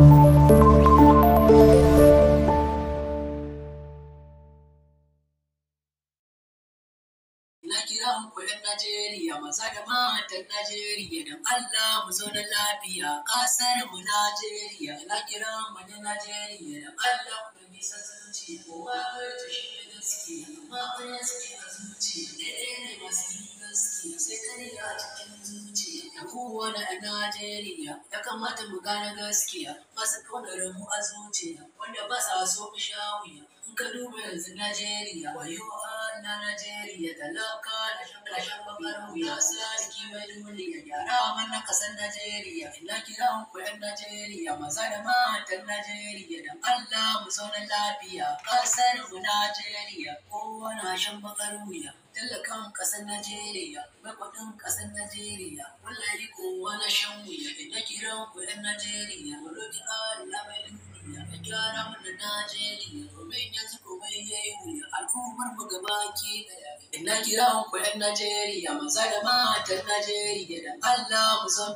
kiran kuɗin Najeriya maza da matan Najeriya da Allah mu zauna lafiya ƙasar mu Najeriya na kiran mu na Najeriya da Allah mu nisan zuci kowa ta shi da gaskiya amma kowa na Najeriya ya kamata mu gane gaskiya masu ƙaunar mu a zuciya wanda ba sa so mu shawiya in ka duba yanzu Najeriya wayo na Najeriya talaka ƙarshen bakar wuya mai duniya yara man kasan Najeriya ina kiran ku Najeriya maza da matan Najeriya da Allah mu lafiya ƙasar mu Najeriya kowa na shan bakar wuya tallakan ƙasar Najeriya makwaɗin ƙasar Najeriya wallahi kowa na shan wuya ina Najeriya mu roƙi Allah mai duniya ya gyara Najeriya domin yanzu al'ummar mu gaba ki ina kira ku yan Najeriya maza da matan Najeriya da Allah mu san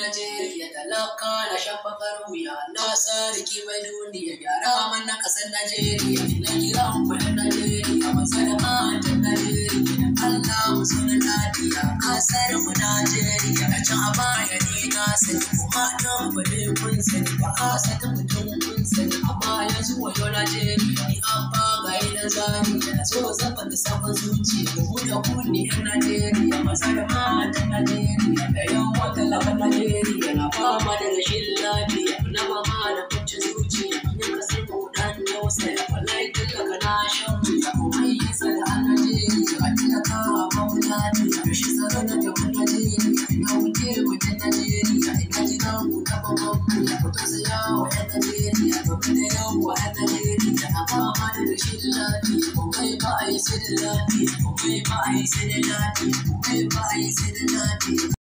Najeriya talaka na shafakar wuya Allah sarki mai duniya gyara mana kasar Najeriya ina kira ku yan Najeriya maza da matan Najeriya da Allah mu san Najeriya kasar mu sani can a baya ni na sani kuma nan ba ne kun sani ba a sata mutum kun sani amma yanzu wayo na je ni abba ga yi na zani na so zafa da sabon zuci da mu da yan Najeriya maza da matan Najeriya da yawa talaban Najeriya na fama da rashin lafiya na mama da kwancin zuciya in ka san ku dan kasayawa wata gari a gaba da yau wata gari da haba ma da rashin lafiya kumai ba a yi sai da lafiya kumai ba a yi sai da lafiya kumai ba a yi sai da lafiya